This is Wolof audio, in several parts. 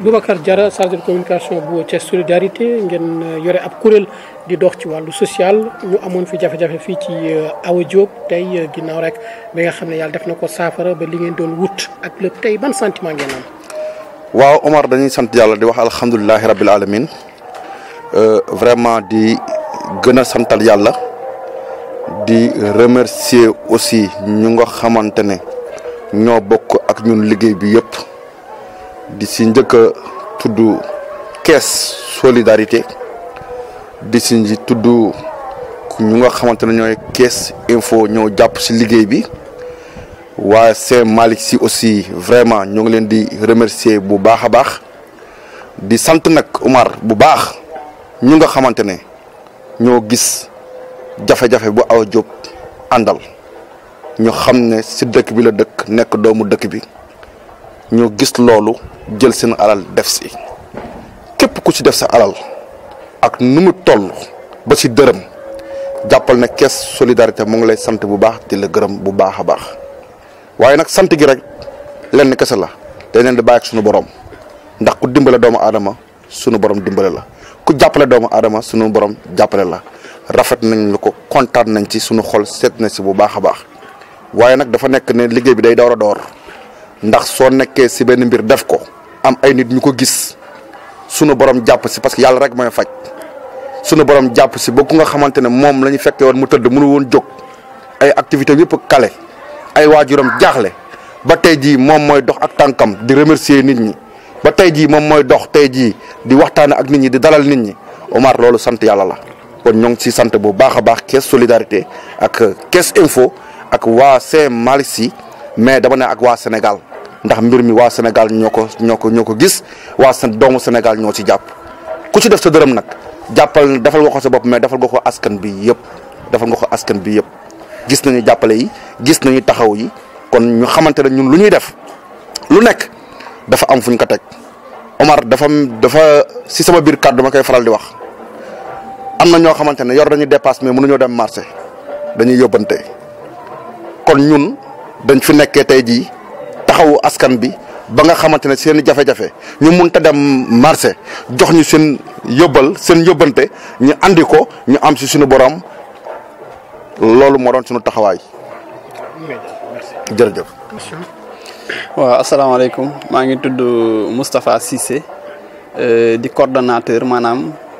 Boubacar Diarra chargé de communication bu Thiès solidarité ngeen euh, yore ab kuréel di dox ci wàllu social ñu amoon fi jafe-jafe fii ci euh, Awa Diop tey euh, ginnaaw rek bi nga xam ne yàlla def na ko saafara ba li doon wut ak lépp tey ban sentiment ngeen am. waaw Omar dañuy sant yàlla di wax alhamdulilahi rabbil alamin vraiment di gën a santal yàlla di remercier aussi ñu nga xamante ne ñoo bokk ak ñun liggéey bi yëpp. di si njëkk a tudd caisse solidarité di si tudd ñu nga xamante ne ñooy caisse info ñoo jàpp si liggéey bi waa Saint Malick si aussi vraiment ñoo ngi leen di remercier bu baax a baax di sant nag Umar bu baax ñu nga xamante ne ñoo gis jafe-jafe bu Awa Diop àndal ñu xam ne si dëkk bi la dëkk nekk doomu dëkk bi. ñu gis loolu jël seen alal def si képp ku ci def sa alal ak nu mu toll ba ci dërëm jàppal ne kees solidarité mu ngi lay sant bu baax di la gërëm bu baax a baax waaye nag sant gi rek lenn kese la dañ di bàyyi ak borom ndax ku dimbale doomu aadama suñu borom dimbale la ku jàppale doomu aadama suñu borom jàppale la rafet nañ lu ko kontaan nañ ci suñu xol seet na si bu baax a baax waaye nag dafa nekk ne liggéey bi day door a door. ndax soo nekkee si benn mbir def ko am ay nit ñu ko gis sunu borom jàpp si parce que yàlla rek mooy faj sunu borom jàpp si ba ku nga xamante ne moom la ñu fekkee woon mu tëdd mënu woon jog ay activités yëpp kale ay waajuram jaaxle ba tey jii moom mooy dox ak tànkam di remercier nit ñi ba tey jii moom mooy dox tey jii di waxtaan ak nit ñi di dalal nit ñi Omar loolu sant yàlla la. kon ñoo ngi si sant bu baax a baax kes solidarité ak kes info ak waa Saint Malick si mais dama ne ak waa Sénégal. ndax mbir mi wa senegal ñoko ñoko ñoko gis wa sen gis doomu senegal ñoo ci japp ku ci def sa deureum nak jappal defal waxo sa bop mais defal goxo askan bi yeb defal goxo askan bi yeb gis nañu jappale yi gis nañu taxaw yi kon ñu xamantene ñun lu ñuy def lu nek dafa am fuñ ko tek Omar dafa dafa si sama bir kaddu makay faral di wax amna ño xamantene yor dañu dépasse mais ñu dem marché dañuy yobante kon ñun dañ fi nekké tay taxawu askan bi ba nga xamante ne seen jafe-jafe ñu mun ta dem marché jox ñu seen yóbbal seen yóbbante ñu andi ko ñu am si suñu borom loolu moo doon suñu taxawaay. jërëjëf. waaw asalaamaaleykum maa ngi tudd Moustapha Cissé euh, di coordonnateur maanaam.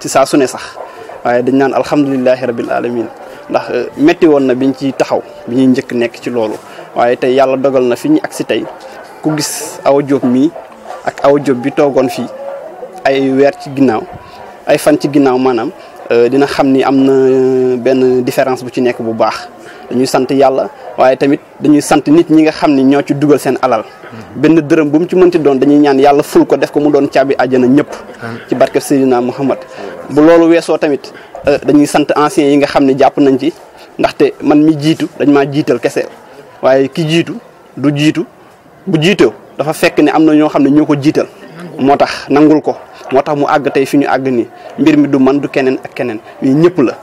ci saa su ne sax waaye dañ naan alhamdulilahi rabil alamin ndax eh, métti woon na biñ ci taxaw bi ñuy njëkk nekk ci loolu waaye tey yàlla dogal na fi ñu si tey ku gis Awa Diop mii ak Awa Diop bi toogoon fii ay weer ci ginnaaw ay fan ci ginnaaw maanaam eh, dina xam ni am na eh, benn différence bu ci nekk bu baax dañuy sant yàlla waaye tamit dañuy sant nit ñi nga xam ni ñoo ci dugal seen alal benn dërëm bu mu ci mënti doon dañuy ñaan yàlla ful ko def ko mu doon caabi àjjana ñëpp ci barkeb Seydina Muhammad bu loolu weesoo tamit euh, dañuy sant anciens yi nga xam ne jàpp nañ ci ndaxte man mi jiitu dañ maa jiital kese waaye ki jiitu du jiitu bu jiitoo dafa fekk ne am na ñoo xam ne ñoo ko jiital moo tax nangul ko moo tax mu àgg tey fi ñu àgg ni mbir mi du man du keneen ak keneen ñëpp la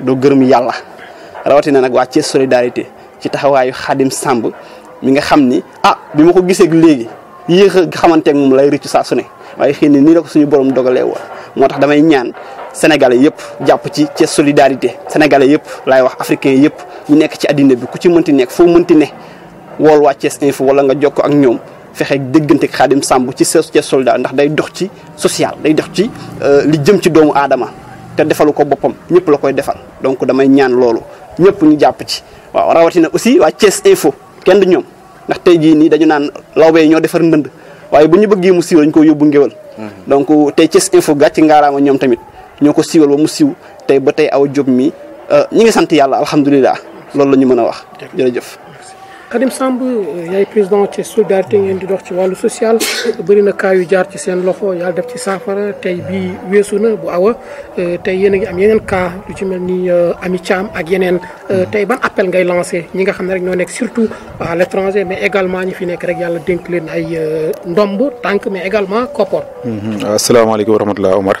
doo gërëm yàlla rawatina nag waa Thiès solidarité ci taxawaayu Xadim Samb mi nga xam ni ah bi ma ko gisee léegi yéex a xamante moom lay rëccu saa su ne waaye xëy na nii la ko suñu borom dogalee woon moo tax damay ñaan sénégalais yëpp jàpp ci Thiès solidarité sénégalais yëpp laay wax africain yëpp ñu nekk ci addina bi ku ci mënti nekk foo mënti ne wool waa Thiès info wala nga jokko ak ñoom fexe déggante Xadim Samb ci Thiès solidarité ndax day dox ci social day dox ci euh, li jëm ci doomu aadama te defalu ko boppam ñëpp la koy defal donc damay ñaan loolu ñëpp ñu jàpp ci waaw rawatina aussi waa Thiès Info kenn du ñoom ndax tey jii nii dañu naan lawbe ñoo defar ndënd waaye bu ñu bëgg bëggee mu siiw dañu ko yóbbu ngéwal mhm. donc tey Thiès Info gàcc ngaaraama ñoom tamit ñoo ko siiwal ba mu siiw tey ba tey aw job mi ñi ngi sant yàlla alhamdulilah loolu la ñu mën a wax jërëjëf Khadim Samb euh, yaay président ci solidarité ngeen di dox ci wàllu sociale bëri na kaa yu jaar ci seen loxo yàlla def ci saafara tey bii weesu na bu awa euh, tey yéen a ngi am yeneen kaa lu ci mel ni euh, Ami Thiam ak yeneen tey ban appel ngay lancé ñi nga xam ne rek ñoo nekk surtout à l' mais également ñi fi nekk rek yàlla dénk leen ay ndomb tànk mais également koppoor. Mm-hmm. asalaamaaleykum wa rahmatulah Omar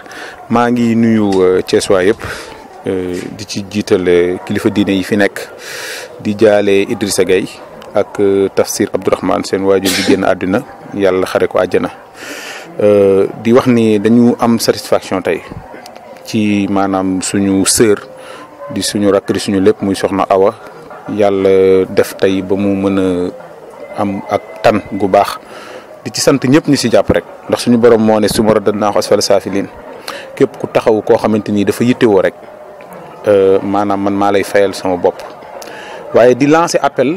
maa ngi nuyu Thiès waa yëpp. di ci jiital kilifa diine yi fi nekk di jaale Idrissa Gueye ak euh, tafsir abdourahman sen waajur di genn aduna yalla xare ko euh di wax ni dañu am satisfaction tay, ci manam suñu sœur di suñu rakk di suñu lepp muy soxna awa yalla def tay ba mu meuna am ak tan gu bax di ci sante ñepp ñu ci japp rek ndax suñu borom mo ne sumara ma rëdd naa ko asfal ku taxaw ko xamanteni dafa dafa wo rek euh, manam man maa lay fayal sama bop waye di lancer appel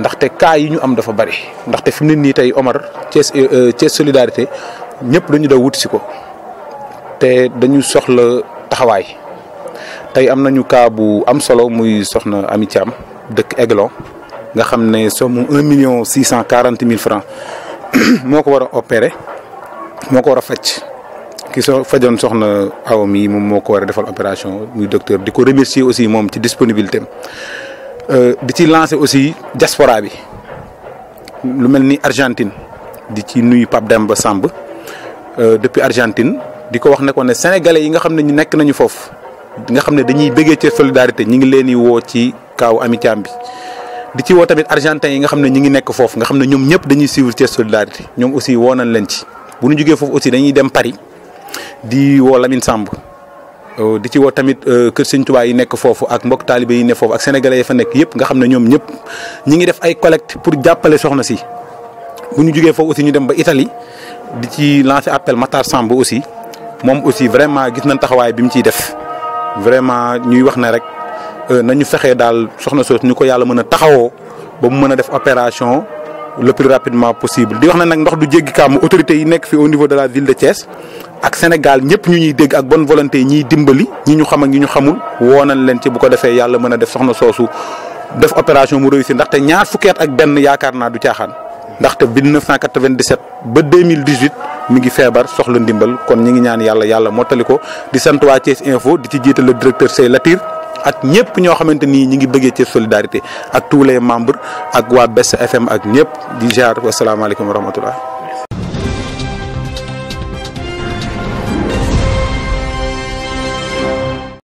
ndaxte cas yi ñu am dafa bari ndaxte fi mu ne nii tey Omar Thiès euh, euh, Thiès solidarité ñëpp dañu daw wut si ko te dañu soxla taxawaay tey am nañu cas bu am solo muy soxna Ami Thiam dëkk Aiglon nga xam ne somme un million six cent quarante mille francs moo ko war a opérer moo ko war a faj ki so fajoon soxna awam yi moom moo ko war a defal opération muy docteur di ko remercier aussi moom ci disponibilité am Euh, di ci lancer aussi diaspora bi lu mel ni Argentine di ci nuyu Pape Demba Samb euh, depuis Argentine di ko wax ne ko ne sénégalais yi nga xam ne ñu nekk nañu foofu nga xam ne dañuy bëggee ci solidarité ñi ngi leen di woo ci kaaw Amitiam bi di ci woo tamit argentin yi nga xam ne ñi ngi nekk foofu nga xam ne ñoom ñëpp dañuy suivre Thiès solidarité ñoom aussi woo nañ leen ci bu ñu jógee foofu aussi dañuy dem Paris di woo Lamine Samb Euh, di ci wo tamit keur seigne touba yi nek fofu ak mbok taalibe yi nek fofu ak sénégalais yi fa nek yépp nga xamné ñom ñoom ñëpp ñi ngi def ay collecte pour jappalé soxna si bu ñu jugee foofu aussi ñu dem ba Italie di ci lancer appel Matar Samb aussi mom aussi vraiment gis nañ taxaway bi mu ci def vraiment ñuy wax né rek euh, nañu fexé dal soxna soos ñuko yalla mëna mën taxawoo ba mu mëna def opération le plus rapidement possible di wax ne nag ndox du jéggi kam autorité yi nek fi au niveau de la ville de Thiès ak Sénégal ñëpp ñu ñuy dégg ak bonne volonté ñiy dimbali ñi ñu xam ak ñi ñu xamul woonan leen ci bu ko defee yàlla mën a def soxna soosu def opération mu réussir ndaxte ñaar fukki ak benn yaakaar naa du caaxaan. ndaxte bi 1997 ba 2018 mi ngi feebar soxla ndimbal kon ñi ngi ñaan yàlla yàlla mottali ko di sant waa Thiès Info di ci jiital le directeur Sey Latir. ak ñëpp ñoo xamante ni ñi ngi bëggee ci solidarité ak tous les membres ak waa Best FM ak ñëpp di jaar wasalaamaaleykum wa rahmatullah